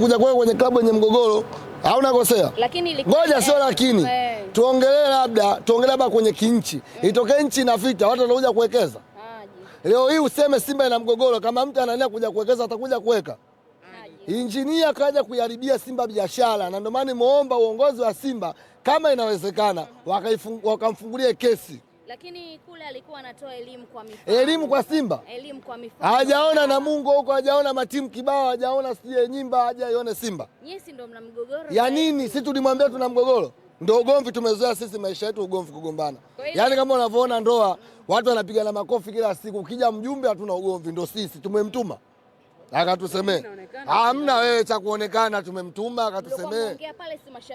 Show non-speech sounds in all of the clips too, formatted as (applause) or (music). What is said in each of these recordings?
kuja kwako kwenye klabu yenye mgogoro hauna kosea, ngoja sio eh, lakini, eh. tuongelee labda tuongelee labda kwenye kinchi mm. Itokee nchi inafita, watu watakuja kuwekeza Leo hii useme Simba ina mgogoro, kama mtu anania kuja kuwekeza atakuja kuweka Injinia kaja kuiharibia Simba biashara, na ndio maana nimeomba uongozi wa Simba kama inawezekana, wakamfungulie kesi lakini kule alikuwa anatoa elimu kwa mifugo. Elimu kwa Simba? Elimu kwa mifugo. Hajaona Namungo huko, hajaona matimu kibao, hajaona sije Nyimba, hajaiona Simba. Nyinyi ndio mna mgogoro? Ya nini? Sisi tulimwambia tuna mgogoro. Ndio ugomvi tumezoea sisi maisha yetu ugomvi kugombana. Yaani kama unavyoona ndoa, watu wanapigana makofi kila siku. Ukija mjumbe hatuna ugomvi, ndio sisi tumemtuma. Akatusemee. Hamna wewe cha kuonekana, tumemtuma akatusemee.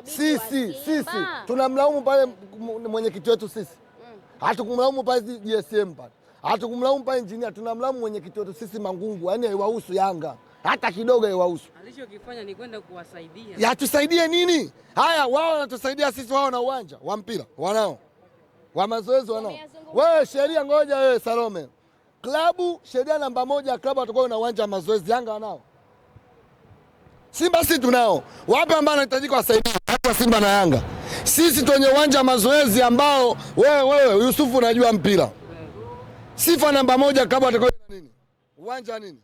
Sisi sisi tunamlaumu pale mwenyekiti wetu sisi hatukumlaumu pale GSM pale, hatukumlaumu pale injinia, tunamlaumu mwenye kitoto sisi Mangungu. Yani haiwahusu Yanga hata kidogo, haiwahusu. Alichokifanya ni kwenda kuwasaidia. Yatusaidie nini? Haya, wao wanatusaidia sisi, wao na uwanja wa mpira wanao, wa mazoezi wanao. Wewe sheria, ngoja wewe Salome, klabu sheria namba moja ya klabu atakuwa na uwanja wa mazoezi. Yanga wanao, Simba si tunao. Wapi ambao anahitajika wasaidia Simba na Yanga sisi twenye uwanja mazoezi ambao wewe wewe Yusufu unajua mpira. Sifa namba moja kabla atakao nini? Uwanja nini?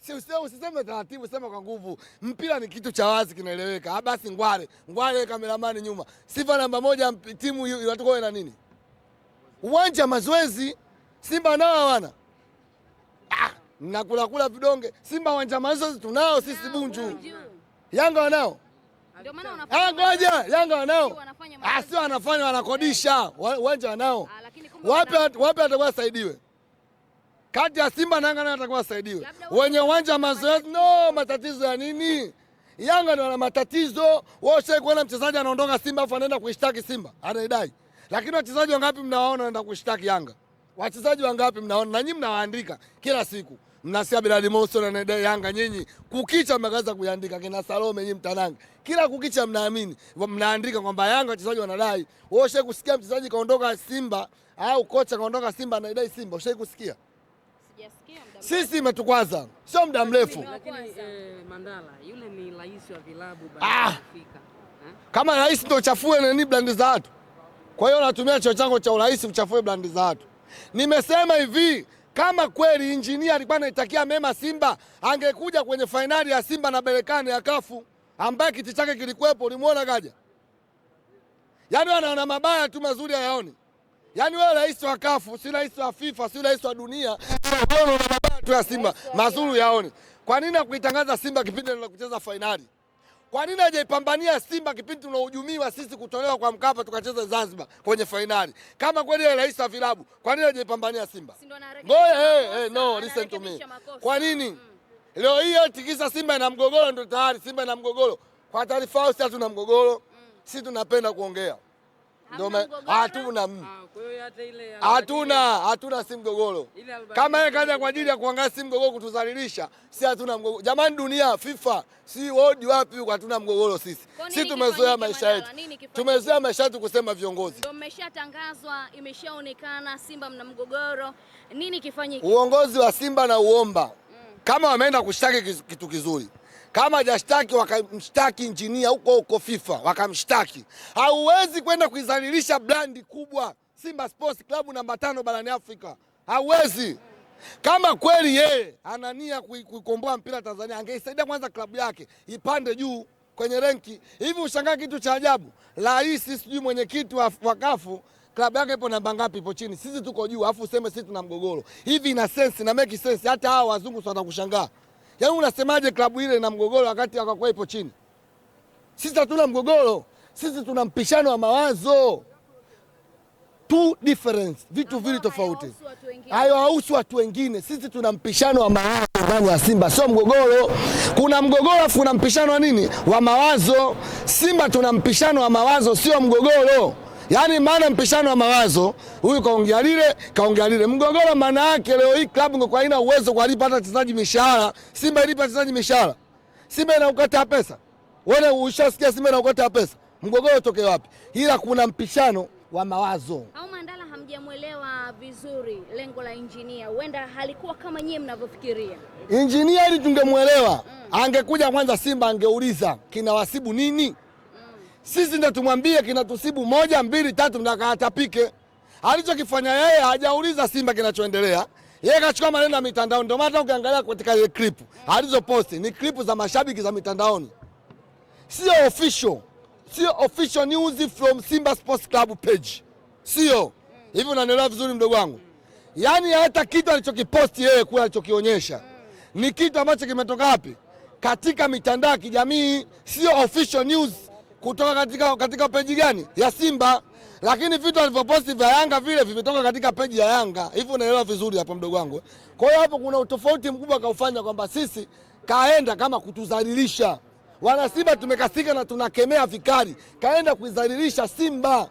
Si usiseme taratibu, sema kwa nguvu. Mpira ni kitu cha wazi kinaeleweka. Ah, basi ngware, ngware kameramani nyuma. Sifa namba moja timu iwatukao na nini? Uwanja mazoezi Simba nao wana. Ah, nakula kula vidonge. Simba uwanja mazoezi tunao sisi Bunju. Yanga wanao? ngoja Yanga wanao ah, sio wanafanya, wanakodisha eh. uwanja wanao. Ah, wapi atakuwa asaidiwe kati ya Simba na Yanga, atakuwa asaidiwe wenye uwanja mazoezi? No, matatizo ya nini? Yanga ndio wana matatizo. Wewe kuona mchezaji anaondoka Simba afu anaenda kuishtaki Simba, anaidai. Lakini wachezaji wangapi mnawaona wanaenda kuishtaki Yanga? Wachezaji wangapi mnaona? Na nyinyi mnawaandika kila siku mnasema Bilali Monson na Yanga, nyinyi kukicha mnakaza kuandika kina Salome, nyinyi mtananga, kila kukicha mnaamini mnaandika kwamba Yanga wachezaji wanadai. Wewe ushawahi kusikia mchezaji kaondoka Simba au kocha kaondoka Simba anadai Simba? Ushawahi kusikia? Sisi imetukwaza sio muda mrefu. Eh, Mandala yule ni rais wa vilabu ah! eh? Kama rais ndio chafue nani brandi za watu, kwa hiyo natumia cheo changu cha urais uchafue brandi za watu. Nimesema hivi kama kweli injinia alikuwa anaitakia mema Simba, angekuja kwenye fainali ya Simba na berekani ya Kafu ambaye kiti chake kilikuwepo. Ulimuona Gaja? Yaani wanaona mabaya tu, mazuri hayaoni. Yaani wewe rais wa Kafu, si rais wa FIFA, si rais wa dunia, wewe unaona mabaya tu ya Simba, mazuri yaoni. Kwa nini nakuitangaza Simba kipindi na kucheza fainali? Kwa nini hajaipambania Simba kipindi tunahujumiwa sisi kutolewa kwa Mkapa tukacheza Zanzibar kwenye fainali? Kama kweli yeye rais wa vilabu, kwa nini hajaipambania Simba? Ngoja hey, eh, eh, hey, no listen to me. Kwa nini? Mm. Leo hii tikisa Simba ina mgogoro ndio tayari Simba ina mgogoro. Kwa taarifa yao sisi hatuna mgogoro. Mm. Sisi tunapenda kuongea hatuna ah, hatuna hatuna si mgogoro. Kama yeye kaja kwa ajili ya kuangaa si mgogoro kutuzalilisha, si hatuna mgogoro jamani. Dunia FIFA si wodi wapi, hatuna mgogoro sisi. Si tumezoea maisha yetu, tumezoea maisha yetu kusema viongozi. Imeshatangazwa, imeshaonekana, Simba mna mgogoro, nini kifanyike? Uongozi wa Simba na uomba mm. kama wameenda kushtaki kitu kizuri kama hajashtaki wakamshtaki injinia huko huko FIFA, wakamshtaki. Hauwezi kwenda kuizalilisha brandi kubwa Simba Sports Club namba tano barani Afrika, hauwezi. Kama kweli yeye anania kuikomboa mpira Tanzania, angeisaidia kwanza klabu yake ipande juu kwenye renki. Hivi ushangaa kitu cha ajabu, rais sijui mwenyekiti wa wakafu klabu yake ipo namba ngapi? Ipo chini, sisi tuko juu, afu useme sisi tuna mgogoro. Hivi ina sense, na make sense? Hata hawa wazungu watakushangaa. Yaani unasemaje klabu ile na mgogoro wakati wakakuwa ipo chini? Sisi hatuna mgogoro, sisi tuna mpishano wa mawazo. Two difference, vitu vili tofauti. Hayo hausu watu wengine, sisi tuna mpishano wa mawazo ndani ya Simba, sio mgogoro. Kuna mgogoro afu kuna mpishano wa nini? Wa mawazo. Simba tuna mpishano wa mawazo, sio mgogoro. Yaani maana mpishano wa mawazo, huyu kaongea lile, kaongea lile. Mgogoro maana yake leo hii klabu ngoko haina uwezo kuwalipa hata wachezaji mishahara. Simba ilipa wachezaji mishahara. Simba inaukataa pesa. Wewe ushasikia Simba inaukataa pesa. Mgogoro utoke wapi? Ila kuna mpishano wa mawazo. Au Mandala hamjamuelewa vizuri lengo la injinia. Huenda halikuwa kama nyie mnavyofikiria. Injinia ili tungemuelewa, mm. Angekuja kwanza Simba angeuliza kinawasibu nini? Sisi ndio tumwambie kinatusibu moja, mbili, tatu, ndo akaatapike. Alichokifanya yeye hajauliza Simba kinachoendelea, yeye kachukua maneno ya mitandao. Ndio maana ukiangalia katika ile clip alizoposti ni clip za mashabiki za mitandaoni, sio official, sio official news from Simba Sports Club page, sio hivi. Unanielewa vizuri mdogo wangu? Yaani hata kitu alichokiposti yeye kule alichokionyesha ni kitu ambacho kimetoka wapi? Katika mitandao ya kijamii, sio official news kutoka katika, katika peji gani ya Simba, lakini vitu alivyoposti vya Yanga vile vimetoka katika peji ya Yanga. Hivi unaelewa vizuri hapo mdogo wangu. Eh? Kwa hiyo hapo kuna utofauti mkubwa kaufanya, kwamba sisi kaenda kama kutudhalilisha wana Simba, tumekasika na tunakemea vikali, kaenda kuidhalilisha Simba.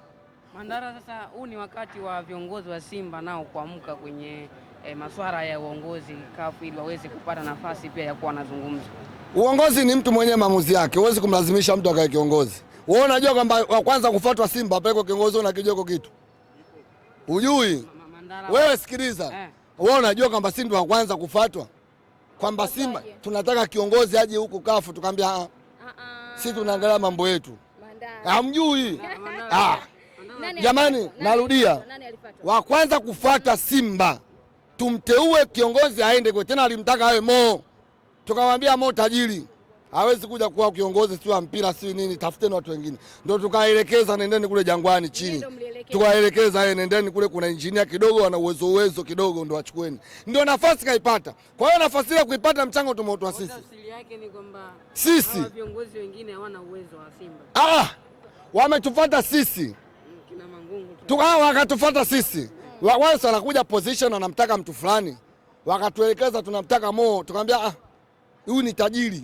Mandara, sasa huu ni wakati wa viongozi wa Simba nao kuamka kwenye eh, masuala ya uongozi kafu, ili waweze kupata nafasi pia ya kuwa wanazungumza Uongozi ni mtu mwenye maamuzi yake, huwezi kumlazimisha mtu akae kiongozi. Wewe unajua kwamba wa kwanza kufuatwa Simba apelekwe kiongozi, unakijua hiko kitu ujui wewe? Sikiliza eh. Wewe unajua kwamba si ndio wa kwanza kufuatwa kwamba Simba tunataka kiongozi aje huku kafu, tukaambia ah, uh -uh. si tunaangalia mambo yetu, hamjui ah. Jamani, narudia, wa kwanza kufuata Simba tumteue kiongozi aende kwa tena alimtaka awe moo tukamwambia Mo tajiri hawezi kuja kuwa kiongozi sio wa mpira si nini, tafuteni watu wengine. Ndio tukaelekeza nendeni kule Jangwani chini, tukaelekeza yeye, nendeni kule, kuna injinia kidogo ana uwezo uwezo kidogo, ndio wachukueni. Ndio nafasi kaipata. Kwa hiyo nafasi ile kuipata mchango tumeotoa sisi. Asili yake ni kwamba sisi viongozi wengine hawana uwezo wa Simba, ah, wametufuata sisi, mm, kina Mangungu tukao ah, wakatufuata sisi, wao sana kuja position, wanamtaka mtu fulani, wakatuelekeza tunamtaka Mo, tukamwambia ah huyu ni tajiri,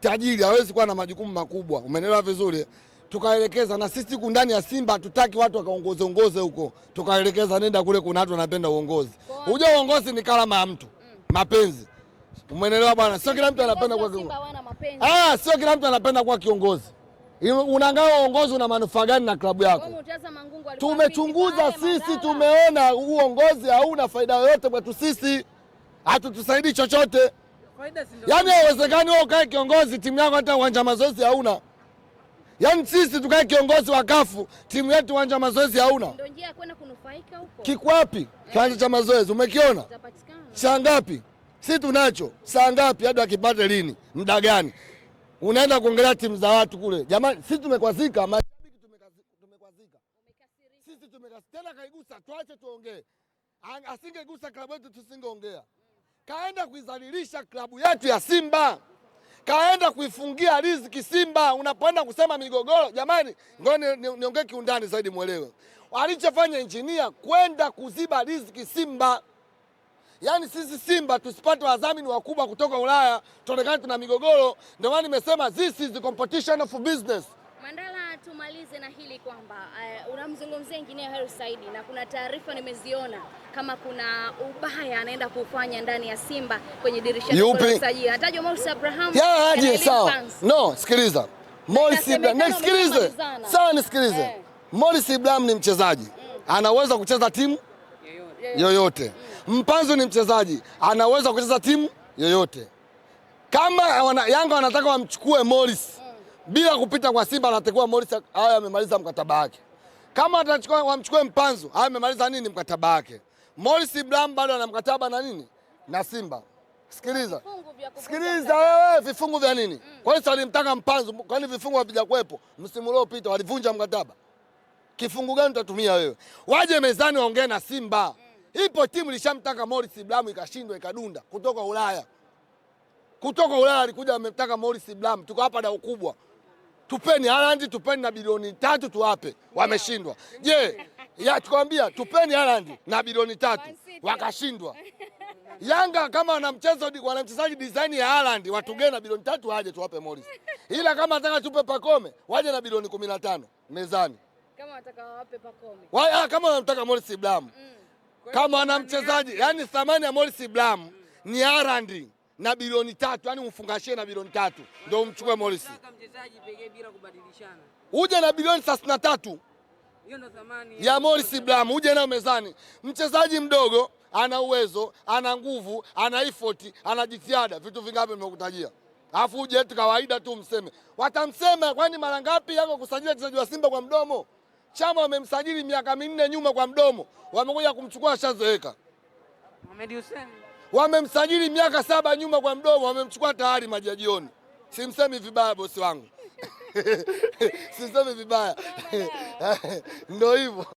tajiri hawezi kuwa na majukumu makubwa. Umeelewa vizuri? Tukaelekeza na sisi huku ndani ya Simba hatutaki watu wakaongoze ongoze huko, tukaelekeza nenda kule, kuna watu wanapenda uongozi. Unajua uongozi ni karama ya mtu, mm. mapenzi. Umeelewa bwana? Sio kila mtu anapenda kuwa kiongozi. Ah, sio kila mtu anapenda kuwa kiongozi. Unangawa uongozi una manufaa gani na klabu yako? Tumechunguza sisi, tumeona uongozi hauna faida yoyote kwetu sisi, hatutusaidii chochote. Yaani haiwezekani wewe ukae kiongozi timu yako hata uwanja mazoezi hauna. Yaani sisi tukae kiongozi wa kafu timu yetu uwanja mazoezi hauna. Ndio njia ya kwenda kunufaika huko. Kiko wapi? Kiwanja cha mazoezi umekiona? Saa ngapi? Si tunacho. Saa ngapi hadi akipate lini? Muda gani? Unaenda kuongelea timu za watu kule. Jamani sisi tumekwazika, mashabiki tumekwazika. Sisi tumekasirika. Tena kaigusa tuache tuongee. Asingegusa klabu yetu tusingeongea kaenda kuizalilisha klabu yetu ya Simba, kaenda kuifungia riziki Simba. Unapoenda kusema migogoro, jamani, ngoja niongee kiundani zaidi mwelewe alichofanya injinia kwenda kuziba riziki Simba. Yaani sisi Simba tusipate wadhamini wakubwa kutoka Ulaya, tuonekane tuna migogoro. Ndio maana nimesema this is the competition of business tumalize na hili kwamba uh, unamzungumzia injinia Hersi Said na kuna taarifa nimeziona kama kuna ubaya anaenda kufanya ndani ya Simba kwenye dirisha la usajili. Anatajwa Moses Abraham. Ya aje sawa. No, sikiliza. Moses Abraham, nisikilize. Sawa nisikilize. Eh. Morsi Abraham ni mchezaji. Mm. Anaweza kucheza timu yoyote. Yoyote. Mm. Mpanzu ni mchezaji. Anaweza kucheza timu yoyote. Kama wana, Yanga wanataka wamchukue Moses bila kupita kwa Simba anatakiwa Morris awe amemaliza mkataba wake. Kama atachukua wamchukue Mpanzu awe amemaliza nini mkataba wake. Morris Ibrahim bado ana mkataba na nini na Simba. Sikiliza, sikiliza wewe, vifungu vya nini? Mm. Kwa nini alimtaka Mpanzu? Kwa nini vifungu havijakuwepo? Msimu uliopita walivunja mkataba. Kifungu gani utatumia wewe? Waje mezani waongee na Simba. Mm. Ipo timu ilishamtaka Morris Ibrahim ikashindwa ikadunda kutoka Ulaya. Kutoka Ulaya alikuja amemtaka Morris Ibrahim. Tuko hapa na ukubwa tupeni Haaland, tupeni na bilioni tatu tuwape, wameshindwa. Je, ya tukwambia tupeni Haaland na bilioni tatu wakashindwa. Yanga kama wana mchezo wana mchezaji design ya Haaland watugee na bilioni tatu waje tuwape Morris, ila kama nataka tupe Pakome waje na bilioni kumi na tano mezani kama wanataka wape Pakome wa, ah, kama wanamtaka Morris Ibrahim mm. kama wana mchezaji yani thamani ya Morris Ibrahim mm. ni Haaland na bilioni tatu, yani umfungashie na bilioni tatu ndio umchukue Morris. Uje na bilioni thelathini na tatu ya Morris Blam, uje nayo mezani. Mchezaji mdogo ana uwezo, ana nguvu, ana effort, ana jitihada. Vitu vingapi nimekutajia? Alafu uje tu kawaida tu mseme, watamsema. Kwani mara ngapi yako kusajili mchezaji wa Simba kwa mdomo? Chama wamemsajili miaka minne nyuma kwa mdomo, wamekuja kumchukua, Shazoeka. Mohamed Hussein wamemsajili miaka saba nyuma kwa mdomo, wamemchukua tayari majajioni. Simsemi vibaya bosi wangu, (laughs) simsemi vibaya (laughs) ndo hivyo.